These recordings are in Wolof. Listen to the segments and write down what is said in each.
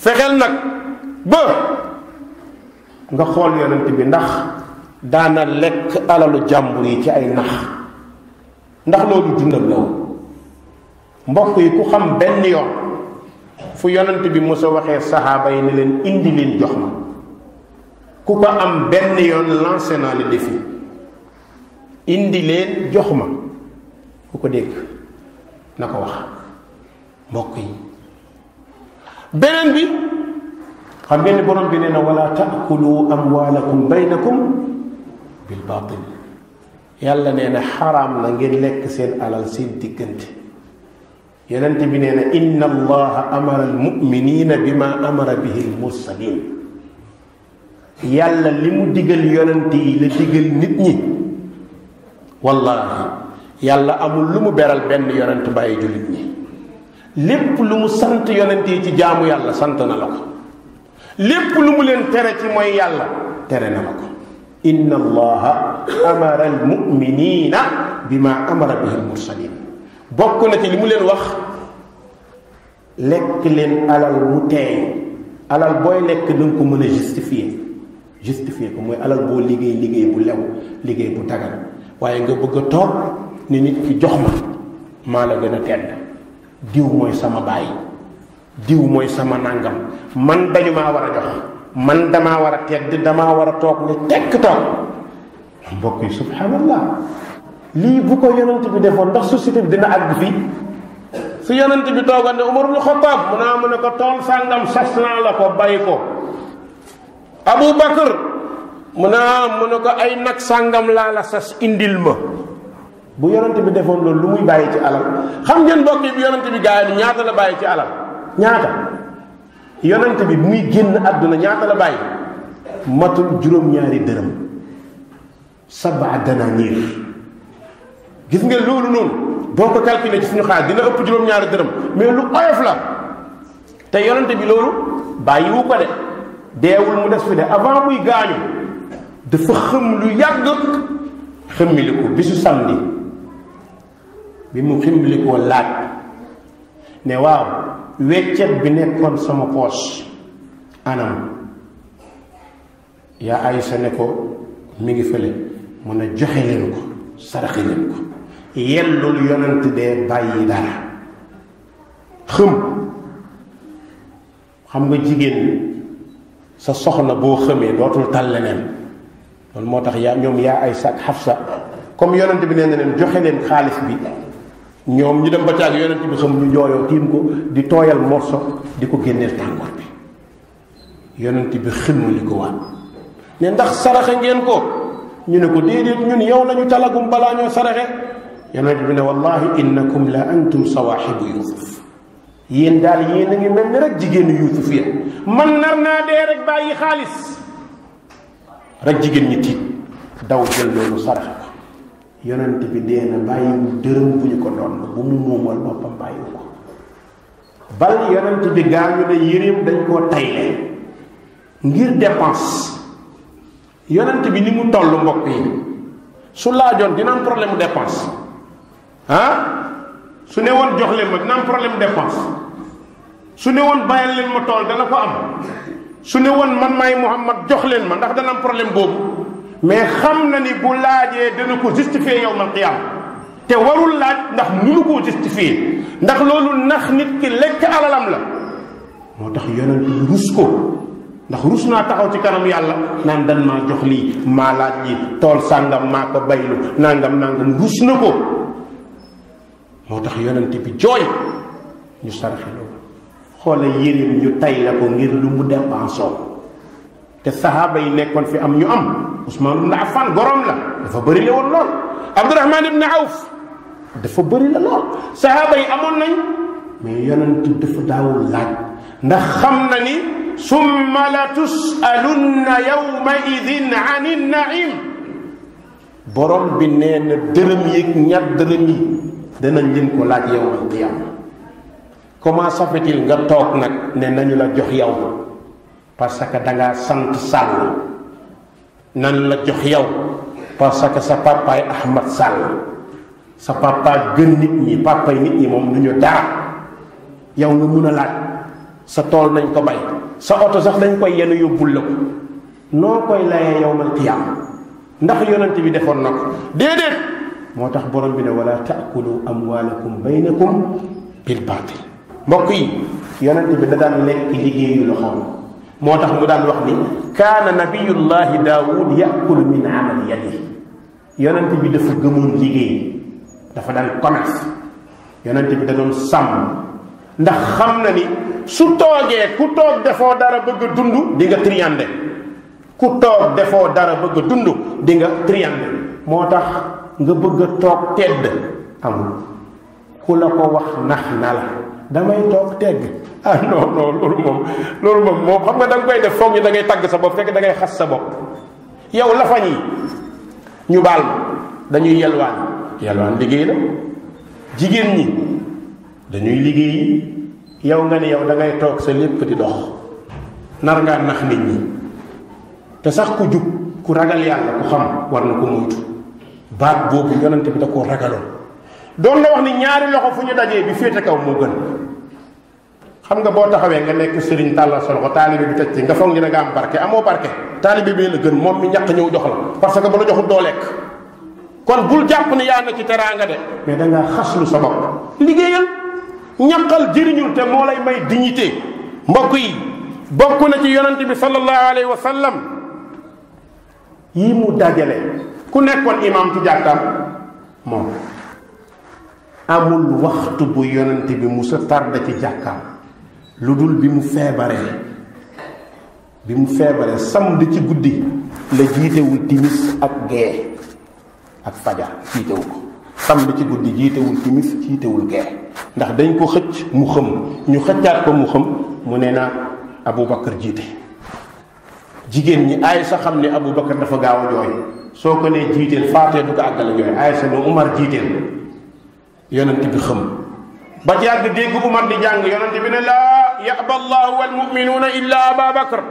fexeel nag ba nga xool yonent bi ndax daana lekk alalu jàmbur yi ci ay nax ndax loolu dundam la woon mbokk yi ku xam benn yoon fu yonant bi mos a waxee saxaaba yi ni leen indi leen jox ma ku ko am benn yoon lancé naa le défi indi leen jox ma ku ko dégg na ko wax mbokk yi benen bi xam ngeen ni borom bi nee na wala taakulu amwalakum baynakum bil batil yàlla nee na xaraam na ngeen lekk seen alal seen diggante yonente bi nee na inna allah amara al muminina bima amara bihi al mursalin yàlla li mu digal yonente yi la digal nit ñi wallahi yàlla amul lu mu beral benn yonent bàyyi julit ñi lépp lu mu sant yonent yi ci jaamu yàlla sant na la ko lépp lu mu leen tere ci mooy yàlla tere na la ko inna allaha amara almuminina bima amara bihi almursalin bokk na ci li mu leen wax lekk leen alal mu teey alal booy lekk danga ko mën a justifier justifier ko mooy alal boo liggéey liggéey bu lew liggéey bu dagan waaye nga bëgg a toog ni nit ki jox ma maa la gën a tedd diw moy sama baay diw moy sama nangam man dañu ma wara jox man dama wara tedd dama wara tok lu tekk mbokk subhanallah li bu ko yonent bi defo ndax société dina ag fi su yonent bi toogoon umar ibn khattab mo na ah, mo ne ko tool sangam sasna la ko bàyyi ko abou bakar mo na ah, mo ne ko ay nak sangam la la sas indil ma bu yonenti bi defoon loolu lu muy bàyyi ci alal xam ngeen mbokk bi yonenti bi gaay ni ñaata la bàyyi ci alal ñaata yonenti bi muy génn àdduna ñaata la bàyyi matul juróom-ñaari dërëm sabaa dananiir gis nga loolu noonu boo ko calculé ci suñu xaar dina ëpp juróom-ñaari dërëm mais lu oyof la te yonent bi loolu wu ko de deewul mu des fi de avant muy gaañu dafa xëm lu yàgg xëmmili ko bisu samedi bi mu ximbali koo laaj ne waaw weccet bi nekkoon sama poos anam yaa aysa ne ko mi ngi fële mun a joxe leen ko saraxe leen ko yellul yonent dee bàyyi dara xëm xam nga jigéen sa soxna boo xëmee dootul tal leneen loolu moo tax yaa ñoom yaa aysa ak xafsa comme yonent bi nee na leen joxe leen xaalis bi ñoom ñu dem ba caag yonent bi xam ñu jooyoo tim ko di toyal morso di ko gennel tangor bi yonent bi xëmmali ko waat ne ndax saraxe ngeen ko ñu ne ko dedet ñun yow lañu talagum bala ñoo saraxe yonent bi ne wallahi innakum la antum sawaaxibu yusuf yéen dal yéen ngi melni ni rek jigéenu yusuf ya man nar na de rek bàyyi khalis rek jigen ñi tiit daw jël lolu saraxe yonent bi deena bàyyiwul dërëm deureum buñu ko don bu mu momal bopam bàyyiwu ko bal yonent bi gañu ne yirim dañ ko tayle ngir dépense yonent bi ni mu tollu mbokk yi su laajoon dina am problème dépense ah su ne woon jox leen ma dina am problème dépense su ne woon leen ma toll dana ko am su ne man may muhammad jox leen ma ndax dana am problème bobu mais xam na ni bu laajee dana ko justifier yow man qiyam te warul laaj ndax munu koo justifier ndax loolu nax nit ki lekk alalam la moo tax yonent bi rus ko ndax rus naa taxaw ci kanam yàlla naan dan maa jox lii maa laaj lii tool sàngam maa ko baylu nangam nangam rus na ko moo tax yonent bi jooy ñu saraxe loolu xoola yéreem ñu tay la ko ngir lu mu dépensoo te sahaba yi nekkoon fi am ñu am Ousmane ibn Affan gorom la dafa bëri la woon lool Abdourahman ibn auf dafa bëri la lool sahaba yi amoon nañ mais yonent dafa daawul laaj ndax xam na ni summa la tusalunna yawma idin ani naim borom bi nee na dërëm yeeg ñaar dërëm yi danañ leen ko laaj yawmal qiyama comment ça fait-il nga toog nag ne nañu la jox yow parce que da nga sant sàll nan la jox yow parce que sa ahmad sàll sa papa gën nit ñi papa nit ñi mom duñu da yow nga mëna laaj sa tol nañ ko bay sa auto sax dañ koy yenu yobul lako no koy laye yow yowmal qiyaam ndax yonent bi defon nako ko motax borom bi ne wala taakulu amwalakum bainakum bil batil mbok yi yonent bi da daan motax mu daan wax ni kana nabiyullahi daud yakulu min amali yadihi yonent bi dafa gëmoon liggéey dafa dal commerce yonent bi da doon sam ndax xamna ni su toge ku tok defo dara bëgg dundu di nga triandé ku tok defo dara bëgg dundu di nga triandé motax nga bëgg tok tedd amul ku la ko wax nax damay tok tegg ah non non lolu mom lolu mom mo xam nga dang koy def fogg ni da tag sa bop fekk da xass sa bop yow la fañi ñu bal dañuy yelwaan yelwaan liggey la jigen ñi dañuy liggey yow nga ni yow da tok sa lepp di dox nar nga nax nit ñi te sax ku juk ku ragal yalla ku xam war na ko moytu baat bobu yonante bi da ko ragalon doon na wax ni ñaari loxo fu ñu dajee bi féete kaw moo gën xam nga boo taxawee nga nekk sëriñ tàllal sa loxo taalibe bi tëj te nga foog ñu ne nga am barke amoo barke taalibe bi la gën moom mi ñàkk ñëw jox la parce que ba la joxul doo lekk kon bul jàpp ne yaa ci teraanga de mais da ngaa xaslu sa bopp liggéeyal ñaqal jëriñul te moo lay may dignité mbokk yi bokk na ci yonent bi sallallahu alayhi wa sallam yi mu dajale ku nekkoon imaam ci jàkkaam moom amul waxtu bu yonent bi musa tarda ci jakkam ludul bi mu febaré bi mu feebaree samedi ci guddi la wul timis ak gé ak fajar jiitewu ko samedi ci guddi wul timis jité wul gé ndax dañ ko xëc mu xam ñu xëccat ko mu xam mu néna abou bakkar jité jigen ñi ay sa xam ne abubakar dafa gaaw joy soko né jité faté du ko agal joy ay sa ne umar jité yonent bi xam ba jàgg dégg Umar di jàng yonent bi ne laa yaba allahu wal muminuuna illa aba bakar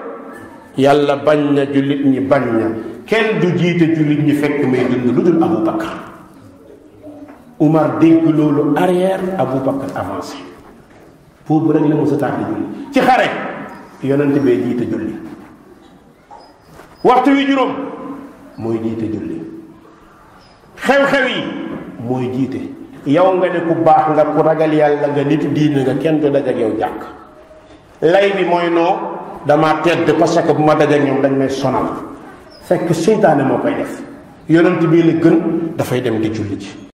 yàlla bañ na jullit ñi bañ na kenn du jiite jullit ñi fekk may dund lu dul abu bakar Umar dégg loolu arrière abu bakar avancé foofu rek la mos a tàgg julli ci xare yonent bee jiite julli waxtu wi juróom mooy jiite julli xew-xew yi mooy jiite yow nga ne ku baax nga ku ragal yàlla nga nit diine nga kenn du dajak yow jàkk lay bi mooy noo dama tedd parce que bu ma dajak ñoom dañ may sonal fekk seytaane moo koy def yonent bii la gën dafay dem di julli ji